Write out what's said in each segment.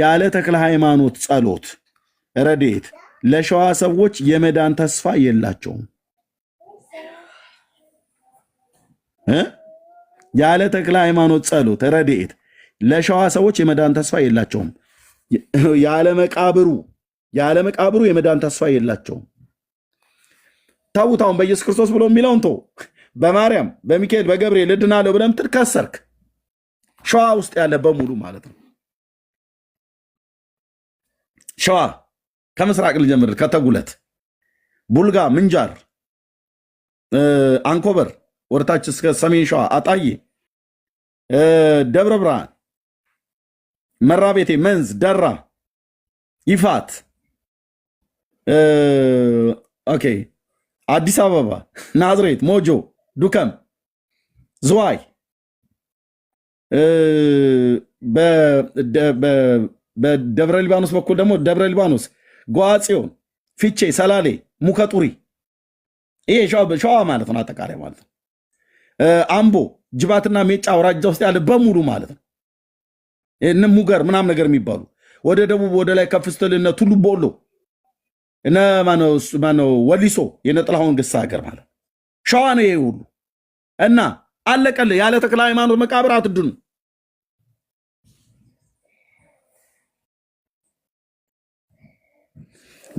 ያለ ተክለ ሃይማኖት ጸሎት ረዴት ለሸዋ ሰዎች የመዳን ተስፋ የላቸውም። ያለ ተክለ ሃይማኖት ጸሎት ረድኤት ለሸዋ ሰዎች የመዳን ተስፋ የላቸውም። ያለ መቃብሩ ያለ መቃብሩ የመዳን ተስፋ የላቸውም። ተዉት። አሁን በኢየሱስ ክርስቶስ ብሎ የሚለውን ተው። በማርያም በሚካኤል በገብርኤል እድናለሁ ብለህ ምትል ከሰርክ ሸዋ ውስጥ ያለ በሙሉ ማለት ነው። ሸዋ ከምስራቅ ልጀምር፣ ከተጉለት፣ ቡልጋ፣ ምንጃር፣ አንኮበር ወርታች እስከ ሰሜን ሸዋ አጣዬ፣ ደብረ ብርሃን፣ መራቤቴ፣ መንዝ፣ ደራ፣ ይፋት፣ ኦኬ፣ አዲስ አበባ፣ ናዝሬት፣ ሞጆ፣ ዱከም፣ ዝዋይ በደብረ ሊባኖስ በኩል ደግሞ ደብረ ሊባኖስ፣ ጎሐጽዮን፣ ፊቼ፣ ሰላሌ፣ ሙከጡሪ ይሄ ሸዋ ማለት ነው። አጠቃላይ ማለት ነው። አምቦ፣ ጅባትና ሜጫ አውራጃ ውስጥ ያለ በሙሉ ማለት ነው። እነ ሙገር ምናም ነገር የሚባሉ ወደ ደቡብ ወደ ላይ ከፍ ስትል እነ ቱሉ ቦሎ እነ ማነው ወሊሶ የነ ግሳ ሀገር ማለት ሸዋ ነው። ይሄ ሁሉ እና አለቀልህ። ያለ ተክለ ሃይማኖት መቃብር አትድን።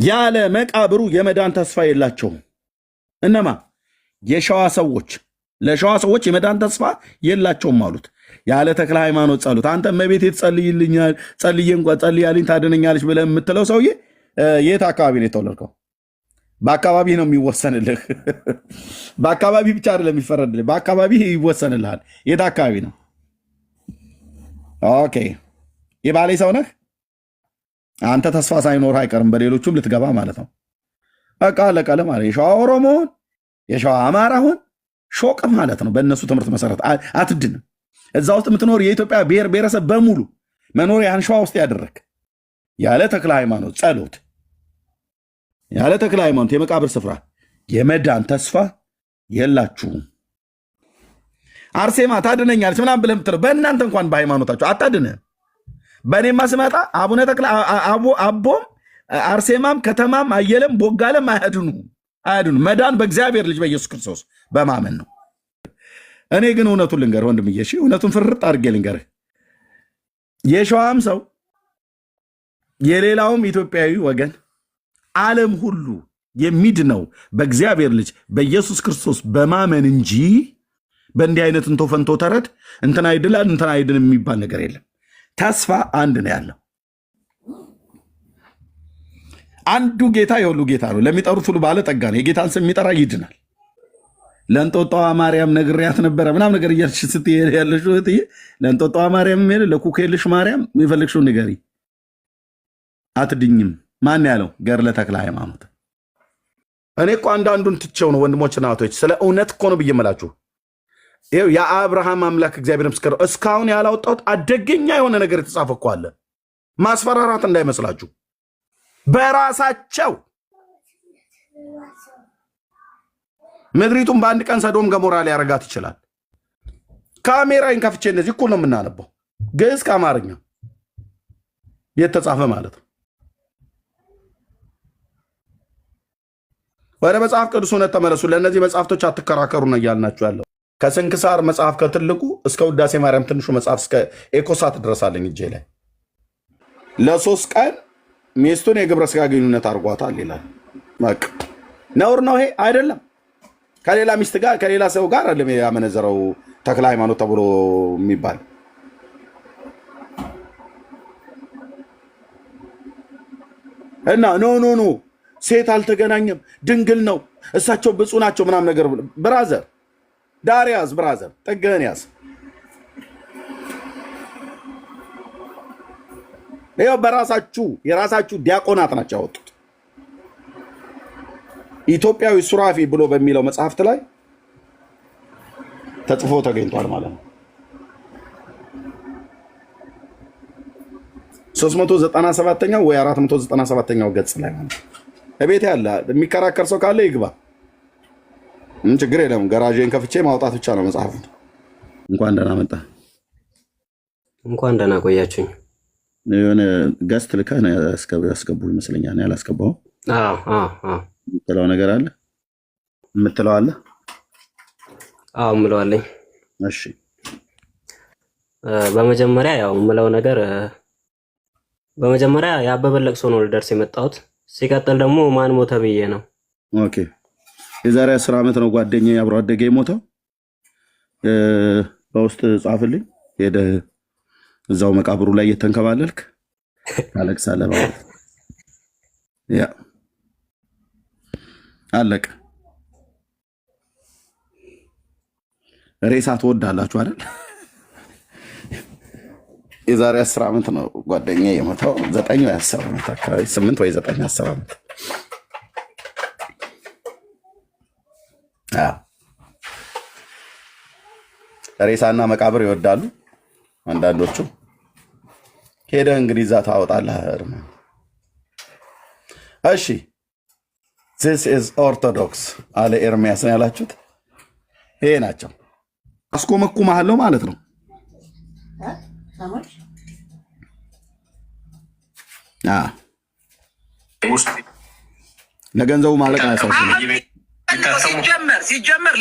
ያለ መቃብሩ የመዳን ተስፋ የላቸውም። እነማ የሸዋ ሰዎች ለሸዋ ሰዎች የመዳን ተስፋ የላቸውም አሉት። ያለ ተክለ ሃይማኖት ጸሎት አንተ መቤቴ ትጸልይልኛል ጸልዬ እንኳ ጸልያልኝ ታድነኛለች ብለህ የምትለው ሰውዬ የት አካባቢ ነው የተወለድከው? በአካባቢ ነው የሚወሰንልህ። በአካባቢ ብቻ አይደለም የሚፈረድልህ፣ በአካባቢ ይወሰንልሃል። የት አካባቢ ነው? ኦኬ የባሌ ሰው ነህ? አንተ ተስፋ ሳይኖር አይቀርም፣ በሌሎቹም ልትገባ ማለት ነው። በቃ ለቀለ ማለት የሸዋ ኦሮሞን የሸዋ አማራሁን ሾቅ ማለት ነው። በእነሱ ትምህርት መሰረት አትድንም። እዛ ውስጥ የምትኖር የኢትዮጵያ ብሔር ብሔረሰብ በሙሉ መኖሪያን ሸዋ ውስጥ ያደረግ ያለ ተክለ ሃይማኖት ጸሎት፣ ያለ ተክለ ሃይማኖት የመቃብር ስፍራ የመዳን ተስፋ የላችሁም። አርሴማ ታድነኛለች ምናምን ብለህ የምትለው በእናንተ እንኳን በሃይማኖታችሁ አታድንህም። በእኔማ ስመጣ አቡነ ተክለ አቦም አርሴማም ከተማም አየለም ቦጋለም አያድኑ አያድኑ። መዳን በእግዚአብሔር ልጅ በኢየሱስ ክርስቶስ በማመን ነው። እኔ ግን እውነቱን ልንገር ወንድምዬ፣ እሺ እውነቱን ፍርጥ አድርጌ ልንገር። የሸዋም ሰው የሌላውም ኢትዮጵያዊ ወገን ዓለም ሁሉ የሚድነው በእግዚአብሔር ልጅ በኢየሱስ ክርስቶስ በማመን እንጂ በእንዲህ አይነት እንቶ ፈንቶ ተረት እንትን ይድላል እንትና ይድን የሚባል ነገር የለም። ተስፋ አንድ ነው ያለው። አንዱ ጌታ የሁሉ ጌታ ነው። ለሚጠሩት ሁሉ ባለጠጋ ነው። የጌታን ስም የሚጠራ ይድናል። ለእንጦጣዋ ማርያም ነግሬያት ነበረ ምናም ነገር እያልሽ ስትሄድ ያለሽ እህትዬ፣ ለእንጦጣዋ ማርያም ሄ ለኩኬልሽ ማርያም የፈለግሽውን ንገሪ አትድኝም። ማን ያለው ገድለ ተክለ ሃይማኖት። እኔ እኮ አንዳንዱን ትቼው ነው ወንድሞችና እህቶች፣ ስለ እውነት እኮ ነው ብዬ እምላችሁ ይኸው የአብርሃም አምላክ እግዚአብሔር ምስክር፣ እስካሁን ያላወጣሁት አደገኛ የሆነ ነገር የተጻፈ እኮ አለ። ማስፈራራት እንዳይመስላችሁ በራሳቸው ምድሪቱን በአንድ ቀን ሰዶም ገሞራ ሊያረጋት ይችላል። ካሜራዬን ከፍቼ እንደዚህ እኩል ነው የምናነበው፣ ግዕዝ ከአማርኛ የተጻፈ ማለት ነው። ወደ መጽሐፍ ቅዱስ እውነት ተመለሱ። ለእነዚህ መጽሐፍቶች አትከራከሩ ነው እያልናችሁ ያለው። ከስንክሳር መጽሐፍ ከትልቁ እስከ ውዳሴ ማርያም ትንሹ መጽሐፍ እስከ ኤኮሳት ድረሳለኝ እጄ ላይ ለሶስት ቀን ሚስቱን የግብረ ስጋ ግንኙነት አድርጓታል ይላል። ነውር ነው ይሄ አይደለም። ከሌላ ሚስት ጋር ከሌላ ሰው ጋር አለም ያመነዘረው ተክለ ሃይማኖት ተብሎ የሚባል እና ኖ ኖ ኖ ሴት አልተገናኘም ድንግል ነው እሳቸው ብፁ ናቸው ምናምን ነገር ብራዘር ዳር ያዝ ብራዘር፣ ጥግህን ያዝ። ይኸው በራሳችሁ የራሳችሁ ዲያቆናት ናቸው ያወጡት። ኢትዮጵያዊ ሱራፊ ብሎ በሚለው መጽሐፍት ላይ ተጽፎ ተገኝቷል ማለት ነው። 397ኛው ወይ 497ኛው ገጽ ላይ ማለት ነው። እቤት ያለ የሚከራከር ሰው ካለ ይግባ። ችግር የለም። ገራዥን ከፍቼ ማውጣት ብቻ ነው መጽሐፉ። እንኳን ደህና መጣ። እንኳን ደህና ቆያችሁኝ። የሆነ ገስት ልከህ ያስገቡ ይመስለኛል። እኔ አላስገባሁም። የምትለው ነገር አለ የምትለው አለ? አዎ ምለዋለኝ። እሺ፣ በመጀመሪያ ያው ምለው ነገር በመጀመሪያ የአበበ ለቅሶ ነው ልደርስ የመጣሁት። ሲቀጥል ደግሞ ማን ሞተ ብዬ ነው። ኦኬ የዛሬ አስር ዓመት ነው ጓደኛ አብሮ አደገ የሞተው። በውስጥ ጻፍልኝ ሄደ እዛው መቃብሩ ላይ እየተንከባለልክ ታለቅሳለህ ማለት ያ አለቀ። ሬሳ ትወዳላችሁ አይደል? የዛሬ አስር ዓመት ነው ጓደኛ የሞተው። ዘጠኝ ወይ አስር ዓመት አካባቢ ስምንት ወይ ዘጠኝ አስር ዓመት ሬሳና መቃብር ይወዳሉ አንዳንዶቹ። ሄደህ እንግዲህ እዛ ታወጣለህ። እሺ ዚስ ኢዝ ኦርቶዶክስ አለ ኤርሚያስ ነው ያላችሁት። ይሄ ናቸው መኩ መሃለው ማለት ነው። ለገንዘቡ ማለቅ አያሳስብም። ሲጀመር ሲጀመር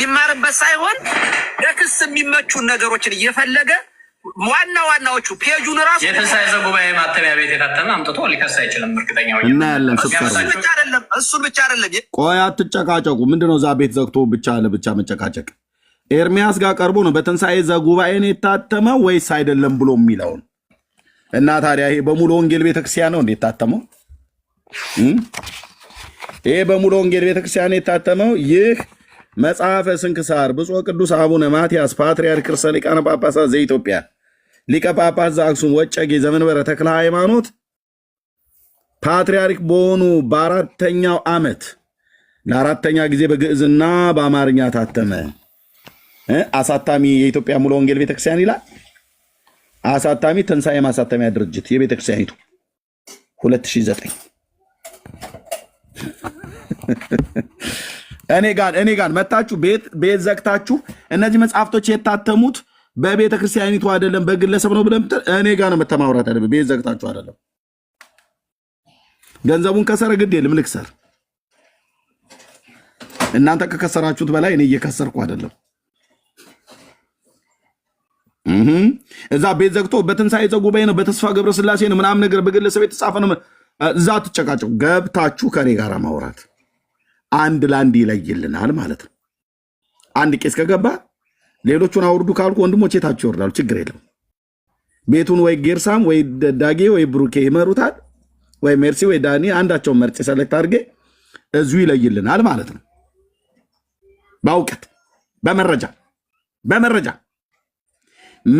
ሊማርበት ሳይሆን ለክስ የሚመቹን ነገሮችን እየፈለገ ዋና ዋናዎቹ ፔጁን ራሱ የተሳይዘ ጉባኤ ማተሚያ ቤት የታተመ አምጥቶ ሊከስ አይችልም። እርግጠኛ እናያለን። ስብሰለም እሱ ብቻ አይደለም። ቆይ አትጨቃጨቁ። ምንድነው እዛ ቤት ዘግቶ ብቻ ለብቻ መጨቃጨቅ? ኤርሚያስ ጋር ቀርቦ ነው በትንሳኤ ዘጉባኤ ነው የታተመው ወይስ አይደለም ብሎ የሚለውን እና ታዲያ ይሄ በሙሉ ወንጌል ቤተክርስቲያን ነው እንዴት ታተመው? ይሄ በሙሉ ወንጌል ቤተክርስቲያን የታተመው ይህ መጽሐፈ ስንክሳር ብፁዕ ቅዱስ አቡነ ማትያስ ፓትርያርክ ርእሰ ሊቃነ ጳጳሳት ዘኢትዮጵያ ሊቀ ጳጳስ ዘአክሱም ወጨጌ ዘመንበረ ተክለ ሃይማኖት ፓትርያርክ በሆኑ በአራተኛው ዓመት ለአራተኛ ጊዜ በግዕዝና በአማርኛ ታተመ። አሳታሚ የኢትዮጵያ ሙሉ ወንጌል ቤተክርስቲያን ይላል። አሳታሚ ትንሣኤ ማሳተሚያ ድርጅት የቤተክርስቲያኒቱ 2009 እኔ ጋር እኔ ጋር መጣችሁ ቤት ቤት ዘግታችሁ እነዚህ መጽሐፍቶች የታተሙት በቤተ ክርስቲያኒቱ አይደለም በግለሰብ ነው ብለን እኔ ጋር ነው መተማምራት አይደለም። ቤት ዘግታችሁ አይደለም። ገንዘቡን ከሰረ ግድ የለም ልክሰር። እናንተ ከከሰራችሁት በላይ እኔ እየከሰርኩ አይደለም። እዛ ቤት ዘግቶ በትንሳኤ ዘጉባኤ ነው በተስፋ ገብረስላሴ ነው ምናምን ነገር በግለሰብ የተጻፈ ነው እዛ ትጨቃጨቁ ገብታችሁ ከኔ ጋር ማውራት አንድ ለአንድ ይለይልናል ማለት ነው። አንድ ቄስ ከገባ ሌሎቹን አውርዱ ካልኩ ወንድሞች የታችሁ ይወርዳሉ። ችግር የለም። ቤቱን ወይ ጌርሳም ወይ ደዳጌ ወይ ብሩኬ ይመሩታል፣ ወይ ሜርሲ ወይ ዳኒ። አንዳቸውን መርጬ ሰለክት አድርጌ እዙ ይለይልናል ማለት ነው። በእውቀት በመረጃ በመረጃ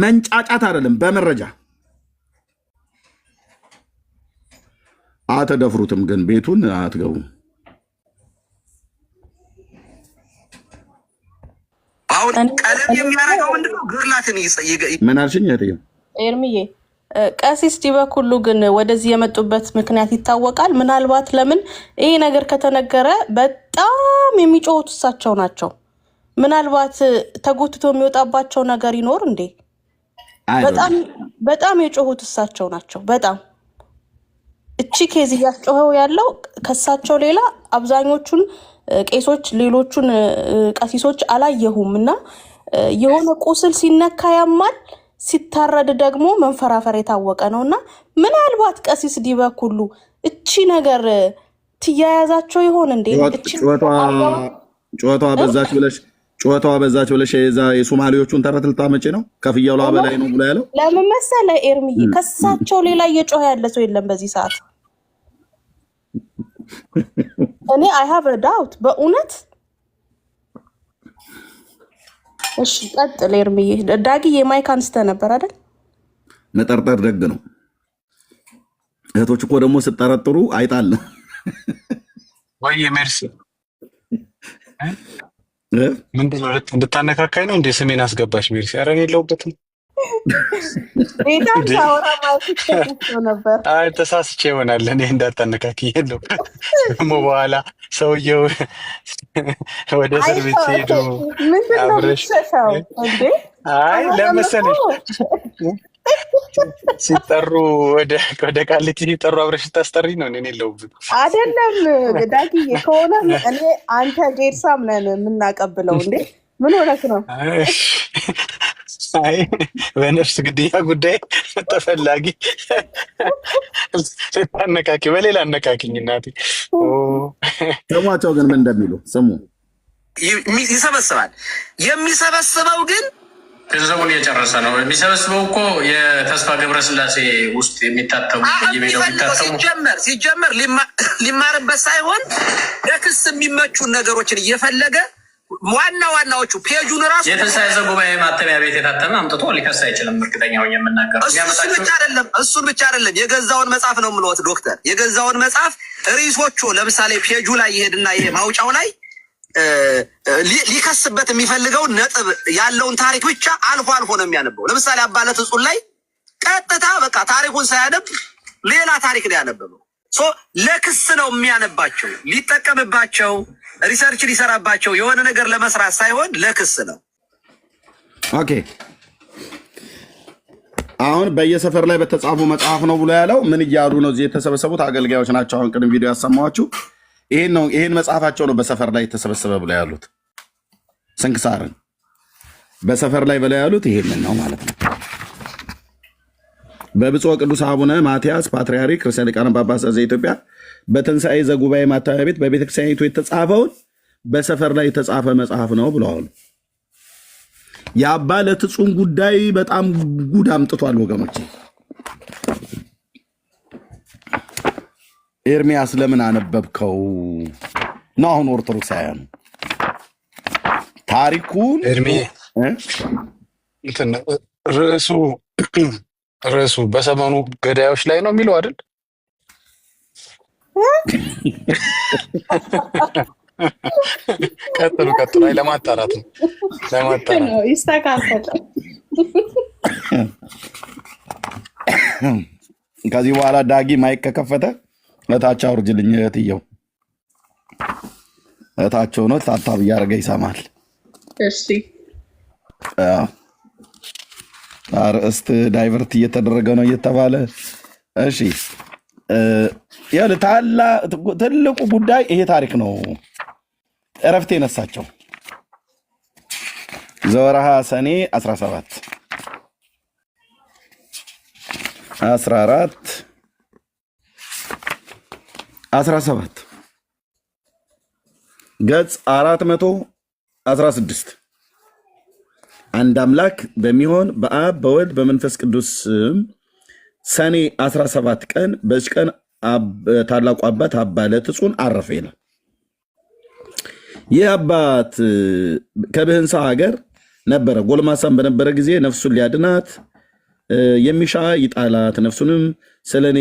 መንጫጫት አይደለም፣ በመረጃ አትደፍሩትም፣ ግን ቤቱን አትገቡም። አሁን ቀለም የሚያደርገው ምንድን ነው? ግርላትን ምን አልሽኝ? ኤርሚዬ ቀሲስ ዲበኩሉ ግን ወደዚህ የመጡበት ምክንያት ይታወቃል። ምናልባት ለምን ይህ ነገር ከተነገረ በጣም የሚጮሁት እሳቸው ናቸው። ምናልባት ተጎትቶ የሚወጣባቸው ነገር ይኖር እንዴ? በጣም የጮሁት እሳቸው ናቸው። በጣም እቺ ኬዝ እያስጮኸው ያለው ከሳቸው ሌላ አብዛኞቹን ቄሶች፣ ሌሎቹን ቀሲሶች አላየሁም እና የሆነ ቁስል ሲነካ ያማል፣ ሲታረድ ደግሞ መንፈራፈር የታወቀ ነው እና ምናልባት ቀሲስ ዲበኩሉ እቺ ነገር ትያያዛቸው ይሆን እንዴ? ጨዋታዋ በዛች ብለሽ ጨዋታዋ በዛች ብለሽ የዛ የሶማሌዎቹን ተረት ልታመጪ ነው? ከፍያሏ በላይ ነው ብሎ ያለው ለምን መሰለህ ኤርምዬ? ከሳቸው ሌላ እየጮኸ ያለ ሰው የለም በዚህ ሰዓት። እኔ አይ ሃቭ ዳውት በእውነት እሺ፣ ቀጥል ኤርምዬ። ዳጊ የማይክ አንስተ ነበር አይደል? መጠርጠር ደግ ነው። እህቶች እኮ ደግሞ ስጠረጥሩ አይጣል ወይ ሜርሲ ምንድን ነው እንድታነካካኝ ነው እንደ ስሜን አስገባሽ ሜርሲ። ኧረ እኔ የለሁበትም ተሳስቼ ይሆናል። እኔ እንዳታነካክ የለው ደግሞ በኋላ ሰውየው ወደ እስር ቤት ሲሄዱ አይ ለመሰለሽ ሲጠሩ ወደ ቃሊቲ ሲጠሩ አብረሽ ታስጠሪ ነው። እኔ የለውብን አይደለም ዳጊዬ፣ ከሆነ እኔ አንተ ጌርሳም ነን የምናቀብለው። እንዴ ምን ሆነክ ነው? አይ በነፍስ ግድያ ጉዳይ ተፈላጊ አነካኪ በሌላ አነካኪኝ። እናቴ ስሟቸው ግን ምን እንደሚሉ ስሙ። ይሰበስባል። የሚሰበስበው ግን ገንዘቡን እየጨረሰ ነው የሚሰበስበው። እኮ የተስፋ ገብረስላሴ ውስጥ የሚታተሙ ሲጀመር ሲጀመር ሊማርበት ሳይሆን ለክስ የሚመቹ ነገሮችን እየፈለገ ዋና ዋናዎቹ ፔጁን ራሱ የትንሳኤ ጉባኤ ማተሚያ ቤት የታተመ አምጥቶ ሊከስ አይችልም። እርግጠኛ ሆኜ የምናገረው እሱን ብቻ አይደለም፣ እሱን ብቻ አይደለም። የገዛውን መጽሐፍ ነው የምልዎት ዶክተር፣ የገዛውን መጽሐፍ ርዕሶቹ፣ ለምሳሌ ፔጁ ላይ ይሄድና ይሄ ማውጫው ላይ ሊከስበት የሚፈልገውን ነጥብ ያለውን ታሪክ ብቻ አልፎ አልፎ ነው የሚያነበው። ለምሳሌ አባለት እጹን ላይ ቀጥታ በቃ ታሪኩን ሳያነብ ሌላ ታሪክ ነው ያነበበው። ለክስ ነው የሚያነባቸው ሊጠቀምባቸው ሪሰርች ሊሰራባቸው የሆነ ነገር ለመስራት ሳይሆን ለክስ ነው። ኦኬ አሁን በየሰፈር ላይ በተጻፉ መጽሐፍ ነው ብሎ ያለው ምን እያሉ ነው? እዚህ የተሰበሰቡት አገልጋዮች ናቸው። አሁን ቅድም ቪዲዮ ያሰማኋችሁ ይህን ነው። ይህን መጽሐፋቸው ነው በሰፈር ላይ የተሰበሰበ ብሎ ያሉት ስንክሳርን በሰፈር ላይ ብለው ያሉት ይሄንን ነው ማለት ነው። በብፁዕ ቅዱስ አቡነ ማትያስ ፓትርያርክ ርዕሰ ሊቃነ ጳጳሳት ዘኢትዮጵያ በትንሣኤ ዘጉባኤ ማተሚያ ቤት በቤተክርስቲያኒቱ የተጻፈውን በሰፈር ላይ የተጻፈ መጽሐፍ ነው ብለዋል። የአባ ለትጹን ጉዳይ በጣም ጉድ አምጥቷል ወገኖች። ኤርሚያስ ለምን አነበብከው ነው አሁን ኦርቶዶክሳውያኑ ታሪኩን ርዕሱ ርዕሱ በሰሞኑ ገዳዮች ላይ ነው የሚለው አይደል? ቀጥሉ ቀጥሉ። አይ ለማጣራት ነው ለማጣራት ነው። ይስተካከል። ከዚህ በኋላ ዳጊ ማይክ ከከፈተ እታች አውርጅልኝ። እህትየው እታች ሆኖ ታታብ እያደረገ ይሰማል። እሺ አርእስት ዳይቨርት እየተደረገ ነው እየተባለ እሺ ትልቁ ጉዳይ ይሄ ታሪክ ነው። እረፍት የነሳቸው ዘወርሃ ሰኔ 17 14 17 ገጽ 416 አንድ አምላክ በሚሆን በአብ በወልድ በመንፈስ ቅዱስ ሰኔ 17 ቀን በዚህ ቀን ታላቁ አባት አባ ለትጹን አረፈ ይላል። ይህ አባት ከብህንሳ ሀገር ነበረ። ጎልማሳም በነበረ ጊዜ ነፍሱን ሊያድናት የሚሻ ይጣላት፣ ነፍሱንም ስለ እኔ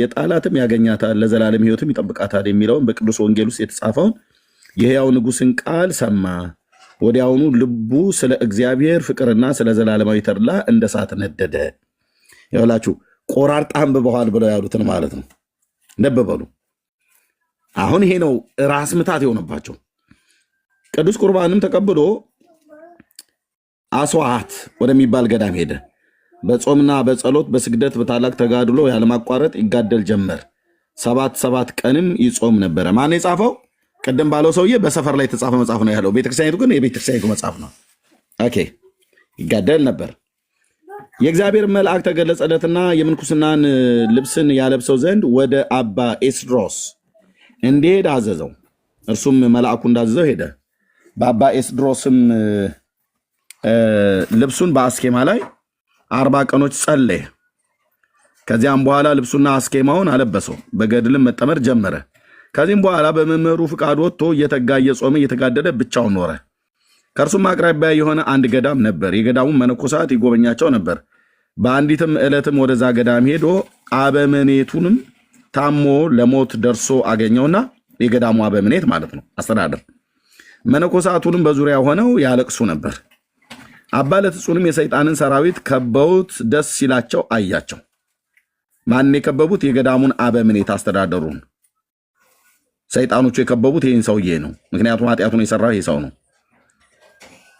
የጣላትም ያገኛታል፣ ለዘላለም ሕይወትም ይጠብቃታል የሚለውን በቅዱስ ወንጌል ውስጥ የተጻፈውን የሕያው ንጉሥን ቃል ሰማ። ወዲያውኑ ልቡ ስለ እግዚአብሔር ፍቅርና ስለ ዘላለማዊ ተድላ እንደ እሳት ነደደ ይላችሁ ቆራርጣ አንብበዋል ብለው ያሉትን ማለት ነው። ነበበሉ አሁን ይሄ ነው ራስ ምታት የሆነባቸው። ቅዱስ ቁርባንም ተቀብሎ አስዋዓት ወደሚባል ገዳም ሄደ። በጾምና በጸሎት በስግደት በታላቅ ተጋድሎ ያለማቋረጥ ይጋደል ጀመር። ሰባት ሰባት ቀንም ይጾም ነበረ። ማን የጻፈው? ቅድም ባለው ሰውዬ በሰፈር ላይ የተጻፈ መጽሐፍ ነው ያለው። ቤተክርስቲያኒቱ ግን የቤተክርስቲያኒቱ መጽሐፍ ነው። ኦኬ ይጋደል ነበር። የእግዚአብሔር መልአክ ተገለጸለትና የምንኩስናን ልብስን ያለብሰው ዘንድ ወደ አባ ኤስድሮስ እንዲሄድ አዘዘው። እርሱም መልአኩ እንዳዘዘው ሄደ። በአባ ኤስድሮስም ልብሱን በአስኬማ ላይ አርባ ቀኖች ጸለየ። ከዚያም በኋላ ልብሱና አስኬማውን አለበሰው። በገድልም መጠመር ጀመረ። ከዚህም በኋላ በመምህሩ ፍቃድ ወጥቶ እየተጋ እየጾመ እየተጋደለ ብቻውን ኖረ። ከእርሱም አቅራቢያ የሆነ አንድ ገዳም ነበር። የገዳሙን መነኮሳት ይጎበኛቸው ነበር። በአንዲትም ዕለትም ወደዛ ገዳም ሄዶ አበመኔቱንም ታሞ ለሞት ደርሶ አገኘውና የገዳሙ አበምኔት ማለት ነው አስተዳደር መነኮሳቱንም በዙሪያ ሆነው ያለቅሱ ነበር። አባ ለትጹንም የሰይጣንን ሰራዊት ከበውት ደስ ሲላቸው አያቸው። ማን የከበቡት? የገዳሙን አበምኔት አስተዳደሩን ሰይጣኖቹ የከበቡት ይህን ሰውዬ ነው። ምክንያቱም ኃጢአቱን የሰራው ይህ ሰው ነው።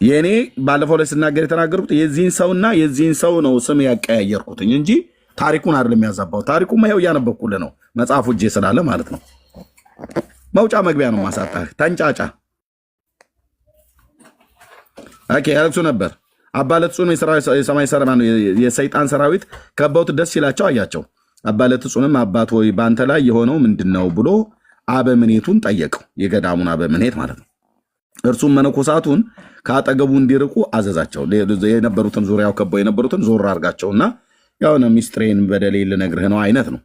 የእኔ ባለፈው ላይ ስናገር የተናገርኩት የዚህን ሰውና የዚህን ሰው ነው ስም ያቀያየርኩትኝ እንጂ ታሪኩን አይደለም የሚያዛባው። ታሪኩማ ይኸው እያነበብኩልህ ነው፣ መጽሐፉ እጄ ስላለ ማለት ነው። መውጫ መግቢያ ነው ማሳጣህ። ተንጫጫ ያለቅሱ ነበር። አባለትጹን የሰማይ የሰይጣን ሰራዊት ከበውት ደስ ይላቸው አያቸው። አባለትጹንም አባት ሆይ በአንተ ላይ የሆነው ምንድን ነው ብሎ አበምኔቱን ጠየቀው። የገዳሙን አበምኔት ማለት ነው። እርሱም መነኮሳቱን ከአጠገቡ እንዲርቁ አዘዛቸው። የነበሩትን ዙሪያው ከበው የነበሩትን ዞር አድርጋቸውና የሆነ ሚስጥሬን በደሌ ልነግርህ ነው አይነት ነው።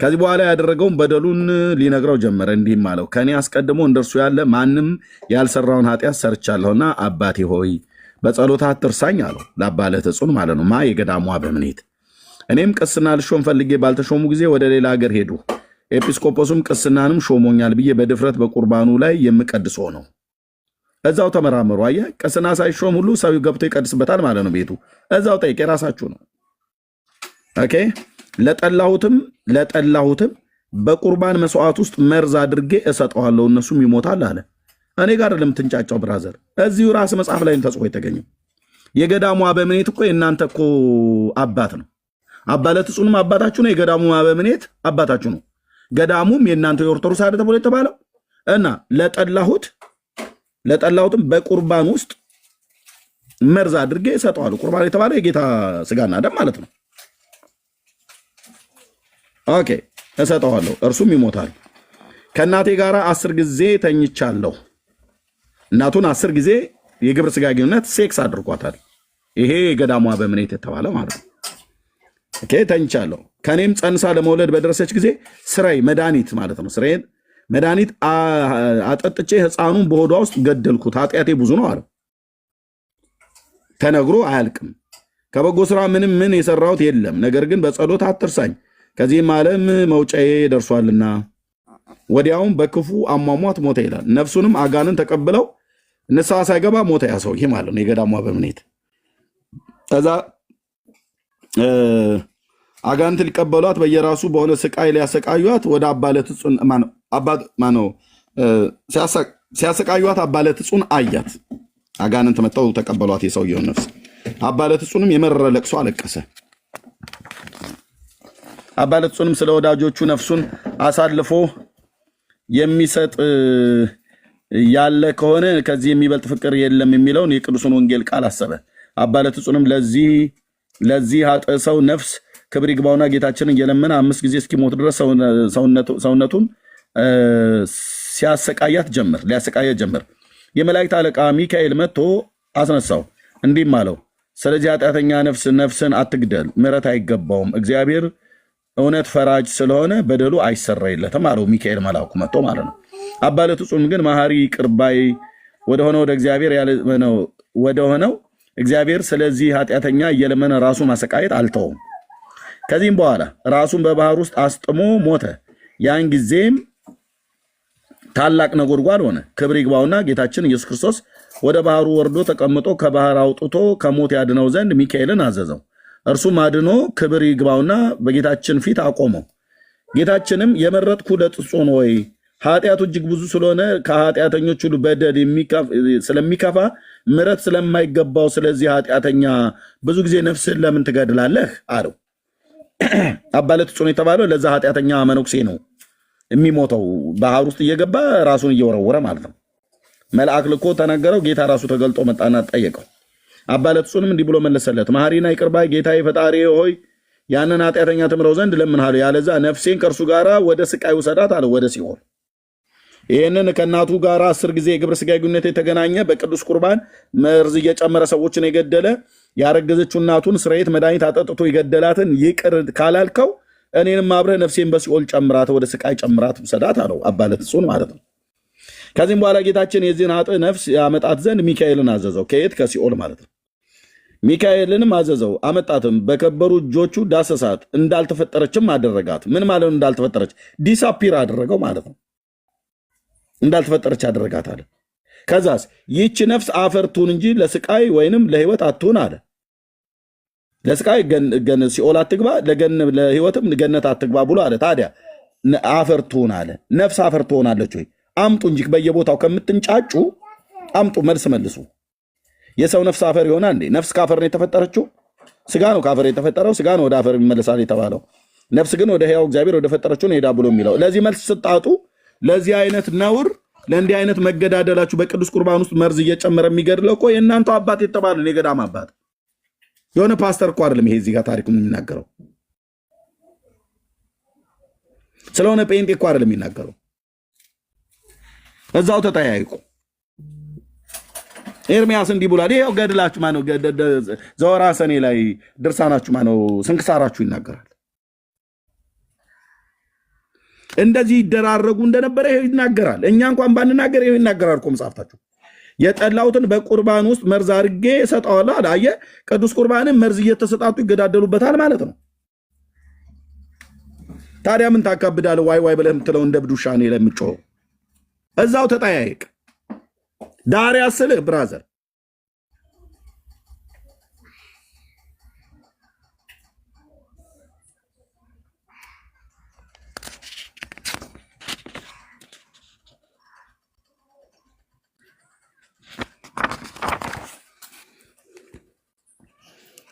ከዚህ በኋላ ያደረገውን በደሉን ሊነግረው ጀመረ። እንዲህም አለው፣ ከእኔ አስቀድሞ እንደርሱ ያለ ማንም ያልሰራውን ኃጢአት ሰርቻለሁና አባቴ ሆይ በጸሎታ አትርሳኝ አለው። ለአባለ ተጹን ማለት ነው ማ የገዳሟ በምኔት እኔም ቅስና ልሾም ፈልጌ ባልተሾሙ ጊዜ ወደ ሌላ ሀገር ሄዱ። ኤጲስቆጶስም ቅስናንም ሾሞኛል ብዬ በድፍረት በቁርባኑ ላይ የምቀድሶ ነው እዛው ተመራመሩ። አየ ቅስና ሳይሾም ሁሉ ሰው ገብቶ ይቀድስበታል ማለት ነው። ቤቱ እዛው ጠይቅ፣ የራሳችሁ ነው። ኦኬ። ለጠላሁትም ለጠላሁትም በቁርባን መስዋዕት ውስጥ መርዝ አድርጌ እሰጠዋለሁ እነሱም ይሞታል አለ። እኔ ጋር ለምትንጫጫው ብራዘር፣ እዚሁ ራስ መጽሐፍ ላይ ተጽፎ የተገኘው የገዳሙ አበምኔት እኮ የእናንተ እኮ አባት ነው። አባለትጹንም አባታችሁ ነው። የገዳሙ አበምኔት አባታችሁ ነው። ገዳሙም የእናንተ የኦርቶዶክስ ተብሎ የተባለው እና ለጠላሁት ለጠላሁትም በቁርባን ውስጥ መርዝ አድርጌ እሰጠዋለሁ። ቁርባን የተባለ የጌታ ስጋና ደም ማለት ነው። ኦኬ እሰጠዋለሁ፣ እርሱም ይሞታል። ከእናቴ ጋር አስር ጊዜ ተኝቻለሁ። እናቱን አስር ጊዜ የግብር ስጋ ግንኙነት ሴክስ አድርጓታል። ይሄ የገዳሟ በምኔት የተባለ ማለት ነው። ኦኬ ተኝቻለሁ። ከእኔም ጸንሳ ለመውለድ በደረሰች ጊዜ ስራይ መድኃኒት ማለት ነው ስራዬን መድኃኒት አጠጥቼ ህፃኑን በሆዷ ውስጥ ገደልኩት፣ ኃጢአቴ ብዙ ነው አለ። ተነግሮ አያልቅም። ከበጎ ስራ ምንም ምን የሰራሁት የለም፣ ነገር ግን በጸሎት አትርሳኝ፣ ከዚህም ዓለም መውጫዬ ደርሷልና። ወዲያውም በክፉ አሟሟት ሞተ ይላል። ነፍሱንም አጋንን ተቀብለው ንስሐ ሳይገባ ሞተ። ያ ይህ ማለት ነው የገዳሟ በምኔት እዛ አጋንት ሊቀበሏት በየራሱ በሆነ ስቃይ ሊያሰቃዩት ወደ አባለት ጹን ማነው ሲያሰቃዩት አባለት ጹን አያት። አጋንንት መጥተው ተቀበሏት የሰውየውን ነፍስ። አባለት ጹንም የመረረ ለቅሶ አለቀሰ። አባለት ጹንም ስለ ወዳጆቹ ነፍሱን አሳልፎ የሚሰጥ ያለ ከሆነ ከዚህ የሚበልጥ ፍቅር የለም የሚለውን የቅዱሱን ወንጌል ቃል አሰበ። አባለት ጹንም ለዚህ ሀጠ ሰው ነፍስ ክብር ይግባውና ጌታችንን እየለመነ አምስት ጊዜ እስኪሞት ድረስ ሰውነቱን ሲያሰቃያት ጀምር ሊያሰቃያት ጀምር። የመላእክት አለቃ ሚካኤል መጥቶ አስነሳው፣ እንዲህም አለው ስለዚህ ኃጢአተኛ ነፍስ ነፍስን አትግደል፣ ምሕረት አይገባውም፣ እግዚአብሔር እውነት ፈራጅ ስለሆነ በደሉ አይሰረይለትም አለው። ሚካኤል መላኩ መጥቶ ማለት ነው። አባ ለትጹም ግን መሐሪ ቅርባይ ወደሆነ ወደ እግዚአብሔር ወደሆነው እግዚአብሔር ስለዚህ ኃጢአተኛ እየለመነ ራሱ ማሰቃየት አልተውም። ከዚህም በኋላ ራሱን በባህር ውስጥ አስጥሞ ሞተ። ያን ጊዜም ታላቅ ነጎድጓድ ሆነ። ክብር ይግባውና ጌታችን ኢየሱስ ክርስቶስ ወደ ባህሩ ወርዶ ተቀምጦ ከባህር አውጥቶ ከሞት ያድነው ዘንድ ሚካኤልን አዘዘው። እርሱም አድኖ ክብር ይግባውና በጌታችን ፊት አቆመው። ጌታችንም የመረጥኩ ለጽዮን ወይ ኃጢአቱ እጅግ ብዙ ስለሆነ ከኃጢአተኞች ሁሉ በደል ስለሚከፋ ምረት ስለማይገባው ስለዚህ ኃጢአተኛ ብዙ ጊዜ ነፍስህን ለምን ትገድላለህ? አለው። አባ ለትጹን የተባለው ለዛ ኃጢአተኛ መነኩሴ ነው የሚሞተው። ባህር ውስጥ እየገባ ራሱን እየወረወረ ማለት ነው። መልአክ ልኮ ተነገረው። ጌታ ራሱ ተገልጦ መጣና ጠየቀው። አባ ለትጹንም እንዲህ ብሎ መለሰለት። መሐሪና ይቅር ባይ ጌታዬ ፈጣሪ ሆይ ያንን ኃጢአተኛ ትምረው ዘንድ እለምንሃለሁ፣ ያለዛ ነፍሴን ከእርሱ ጋር ወደ ስቃይ ውሰዳት አለ። ወደ ሲሆን ይህንን ከእናቱ ጋር አስር ጊዜ የግብረ ስጋ ግንኙነት የተገናኘ በቅዱስ ቁርባን መርዝ እየጨመረ ሰዎችን የገደለ ያረገዘችው እናቱን ስራየት መድኃኒት አጠጥቶ የገደላትን ይቅር ካላልከው እኔንም አብረህ ነፍሴን በሲኦል ጨምራት፣ ወደ ስቃይ ጨምራት ውሰዳት አለው። አባለት ማለት ነው። ከዚህም በኋላ ጌታችን የዚህን አጥ ነፍስ ያመጣት ዘንድ ሚካኤልን አዘዘው። ከየት ከሲኦል ማለት ነው። ሚካኤልንም አዘዘው፣ አመጣትም። በከበሩ እጆቹ ዳሰሳት፣ እንዳልተፈጠረችም አደረጋት። ምን ማለት ነው? እንዳልተፈጠረች ዲሳፒር አደረገው ማለት ነው። እንዳልተፈጠረች አደረጋት አለ። ከዛስ ይህች ነፍስ አፈር ትሁን እንጂ ለስቃይ ወይንም ለህይወት አትሁን አለ። ለስቃይ ሲኦል አትግባ፣ ለህይወትም ገነት አትግባ ብሎ አለ። ታዲያ አፈር ትሆን አለ። ነፍስ አፈር ትሆናለች ወይ? አምጡ እንጂ በየቦታው ከምትንጫጩ አምጡ፣ መልስ መልሱ። የሰው ነፍስ አፈር ይሆናል እንዴ? ነፍስ ከአፈር ነው የተፈጠረችው። ስጋ ነው ከአፈር የተፈጠረው። ስጋ ነው ወደ አፈር ይመለሳል የተባለው። ነፍስ ግን ወደ ህያው እግዚአብሔር ወደ ፈጠረችውን ሄዳ ብሎ የሚለው ለዚህ መልስ ስጣጡ፣ ለዚህ አይነት ነውር፣ ለእንዲህ አይነት መገዳደላችሁ በቅዱስ ቁርባን ውስጥ መርዝ እየጨመረ የሚገድለው እኮ የእናንተው አባት የተባለ የገዳም አባት የሆነ ፓስተር እኮ አይደለም ይሄ እዚህ ጋር ታሪኩ የሚናገረው ስለሆነ ጴንጤ እኮ አይደለም የሚናገረው። እዛው ተጠያይቁ። ኤርሚያስ እንዲህ ብሏል። ይኸው ገድላችሁ ማነው ዘወራ ሰኔ ላይ ድርሳናችሁ ማነው ስንክሳራችሁ ይናገራል። እንደዚህ ይደራረጉ እንደነበረ ይኸው ይናገራል። እኛ እንኳን ባንናገር ይኸው ይናገራል እኮ መጽሐፍታችሁ የጠላሁትን በቁርባን ውስጥ መርዝ አድርጌ እሰጠዋለሁ አለ። አየህ፣ ቅዱስ ቁርባንን መርዝ እየተሰጣጡ ይገዳደሉበታል ማለት ነው። ታዲያ ምን ታካብዳለህ? ዋይ ዋይ ብለህ የምትለው እንደ ብዱሻ ነው ለምጮኸው። እዛው ተጠያየቅ ዳር ያስልህ ብራዘር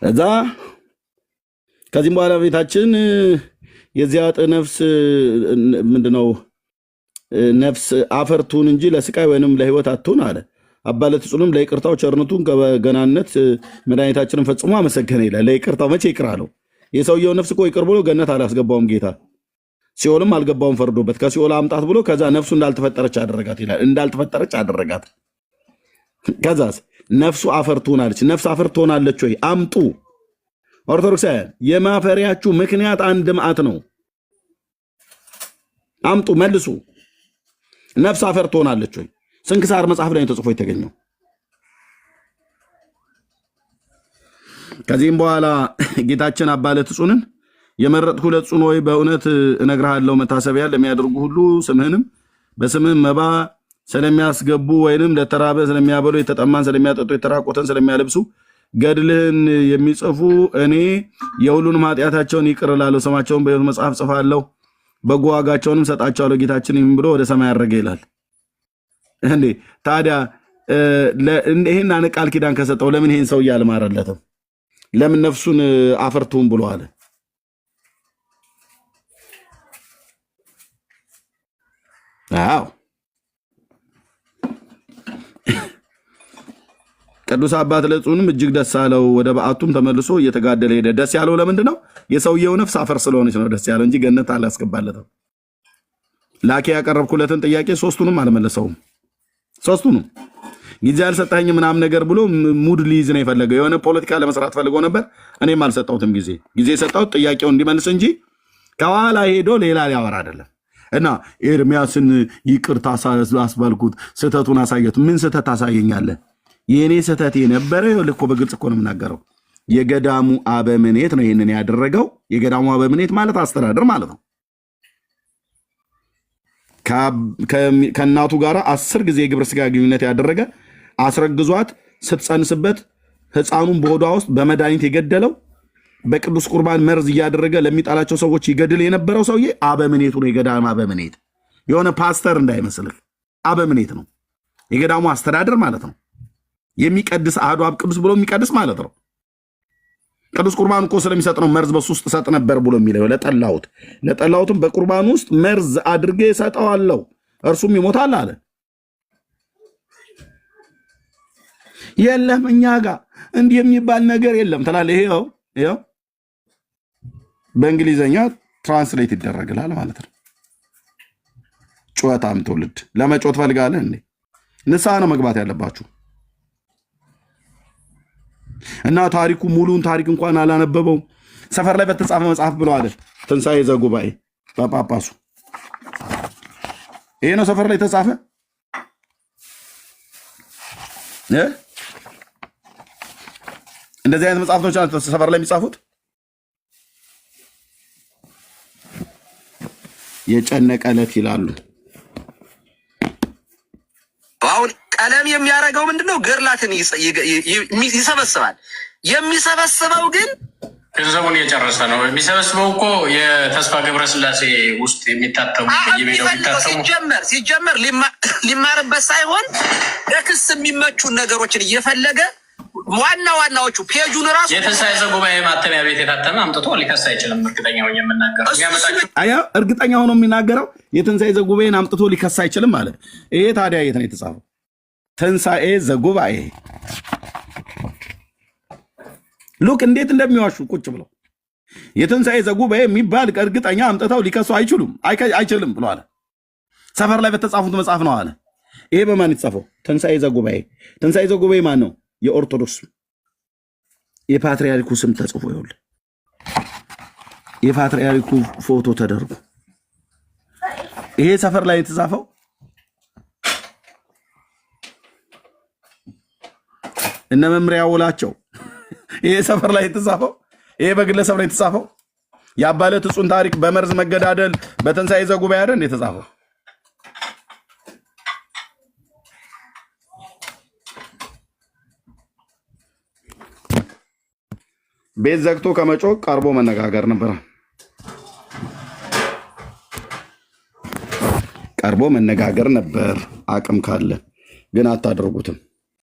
ከዛ ከዚህም በኋላ ቤታችን የዚያ ነፍስ ምንድነው ነፍስ አፈርቱን እንጂ ለስቃይ ወይንም ለህይወት አትሁን አለ። አባለት ጽኑም ለይቅርታው ቸርነቱን ከገናነት መድኃኒታችንን ፈጽሞ አመሰገነ ይላል። ለይቅርታው መቼ ይቅር አለው? የሰውየው ነፍስ እኮ ይቅር ብሎ ገነት አላስገባውም ጌታ፣ ሲኦልም አልገባውም ፈርዶበት፣ ከሲኦል አምጣት ብሎ ከዛ ነፍሱ እንዳልተፈጠረች አደረጋት ይላል። እንዳልተፈጠረች አደረጋት ከዛስ ነፍሱ አፈር ትሆናለች። ነፍስ አፈር ትሆናለች ወይ? አምጡ። ኦርቶዶክሳውያን የማፈሪያችሁ ምክንያት አንድ መዓት ነው። አምጡ፣ መልሱ። ነፍስ አፈር ትሆናለች ወይ? ስንክሳር መጽሐፍ ላይ ተጽፎ የተገኘው። ከዚህም በኋላ ጌታችን አባ ለትጹንን የመረጥኩ ለትጹን ወይ በእውነት እነግርሃለሁ መታሰቢያ ለሚያደርጉ ሁሉ ስምህንም በስምህም መባ ስለሚያስገቡ ወይንም ለተራበ ስለሚያበሉ፣ የተጠማን ስለሚያጠጡ፣ የተራቆተን ስለሚያለብሱ ገድልህን የሚጽፉ እኔ የሁሉንም ኃጢአታቸውን ይቅር እላለሁ፣ ስማቸውን በሕይወት መጽሐፍ ጽፋለሁ፣ በጎ ዋጋቸውንም ሰጣቸዋለሁ። ጌታችን ይህም ብሎ ወደ ሰማይ ያደረገ ይላል። እንዴ ታዲያ ይህን አነ ቃል ኪዳን ከሰጠው ለምን ይህን ሰው እያልማረለትም ለምን ነፍሱን አፈርቱም ብሎ አለ? አዎ ቅዱስ አባት ለጹንም እጅግ ደስ አለው። ወደ በዓቱም ተመልሶ እየተጋደለ ሄደ። ደስ ያለው ለምንድን ነው? የሰውየው ነፍስ አፈር ስለሆነች ነው ደስ ያለው እንጂ ገነት አላስገባለትም። ላኬ ያቀረብኩለትን ጥያቄ ሶስቱንም አልመለሰውም። ሶስቱንም ጊዜ አልሰጠኝ ምናምን ነገር ብሎ ሙድ ሊይዝ ነው የፈለገው። የሆነ ፖለቲካ ለመስራት ፈልጎ ነበር። እኔም አልሰጠሁትም ጊዜ ጊዜ የሰጠሁት ጥያቄው እንዲመልስ እንጂ ከኋላ ሄዶ ሌላ ሊያወራ አይደለም። እና ኤርሚያስን ይቅርታ አስባልኩት ስህተቱን አሳየት። ምን ስህተት ታሳየኛለህ? የእኔ ስህተት የነበረ ልኮ በግልጽ እኮ ነው የምናገረው። የገዳሙ አበምኔት ነው ይህንን ያደረገው። የገዳሙ አበምኔት ማለት አስተዳደር ማለት ነው። ከእናቱ ጋር አስር ጊዜ የግብረ ስጋ ግንኙነት ያደረገ አስረግዟት ስትጸንስበት ህፃኑን በሆዷ ውስጥ በመድኃኒት የገደለው በቅዱስ ቁርባን መርዝ እያደረገ ለሚጣላቸው ሰዎች ይገድል የነበረው ሰውዬ አበምኔቱ ነው። የገዳም አበምኔት የሆነ ፓስተር እንዳይመስልህ አበምኔት ነው። የገዳሙ አስተዳደር ማለት ነው። የሚቀድስ አህዶ አብ ቅዱስ ብሎ የሚቀድስ ማለት ነው። ቅዱስ ቁርባን እኮ ስለሚሰጥ ነው። መርዝ በሱ ውስጥ ሰጥ ነበር ብሎ የሚለው ለጠላሁት፣ ለጠላሁትም በቁርባን ውስጥ መርዝ አድርጌ እሰጠዋለሁ እርሱም ይሞታል አለ። የለም እኛ ጋር እንዲህ የሚባል ነገር የለም ትላለህ። ይሄው ይሄው በእንግሊዘኛ ትራንስሌት ይደረግላል ማለት ነው። ጩኸታም ትውልድ ለመጮት ፈልጋለህ እንዴ? ንስሐ ነው መግባት ያለባችሁ። እና ታሪኩ ሙሉን ታሪክ እንኳን አላነበበው ሰፈር ላይ በተጻፈ መጽሐፍ ብለዋል። ትንሣኤ ዘጉባኤ በጳጳሱ ይሄ ነው ሰፈር ላይ ተጻፈ። እንደዚህ አይነት መጽሐፍቶች ናቸው ሰፈር ላይ የሚጻፉት። የጨነቀ ይላሉ። ብድራትን ይሰበስባል። የሚሰበስበው ግን ገንዘቡን እየጨረሰ ነው። የሚሰበስበው እኮ የተስፋ ገብረስላሴ ውስጥ የሚታተሙ ሲጀመር ሲጀመር ሊማርበት ሳይሆን ለክስ የሚመቹን ነገሮችን እየፈለገ ዋና ዋናዎቹ ፔጁን ራሱ የተሳይዘ ጉባኤ ማተሚያ ቤት የታተመ አምጥቶ ሊከስ አይችልም። እርግጠኛ ሆኜ የምናገረው አያ እርግጠኛ ሆኖ የሚናገረው የትንሳኤ ጉባኤን አምጥቶ ሊከስ አይችልም ማለት ይሄ ታዲያ የት ነው የተጻፈው? ትንሣኤ ዘጉባኤ ሉክ እንዴት እንደሚዋሹ ቁጭ ብለው የትንሣኤ ዘጉባኤ የሚባል እርግጠኛ አምጥተው ሊከሱ አይችሉም አይችልም ብሎ አለ። ሰፈር ላይ በተጻፉት መጽሐፍ ነው አለ። ይሄ በማን የተጻፈው? ትንሣኤ ዘጉባኤ። ትንሣኤ ዘጉባኤ ማን ነው? የኦርቶዶክስ የፓትርያርኩ ስም ተጽፎ ይውል የፓትርያርኩ ፎቶ ተደርጎ ይሄ ሰፈር ላይ የተጻፈው እነ መምሪያ ውላቸው ይሄ ሰፈር ላይ የተጻፈው ይሄ በግለሰብ ላይ የተጻፈው የአባለት እጹን ታሪክ በመርዝ መገዳደል በተንሳኤ ዘጉባኤ አይደል የተጻፈው? ቤት ዘግቶ ከመጮ ቀርቦ መነጋገር ነበረ። ቀርቦ መነጋገር ነበር። አቅም ካለ ግን አታደርጉትም።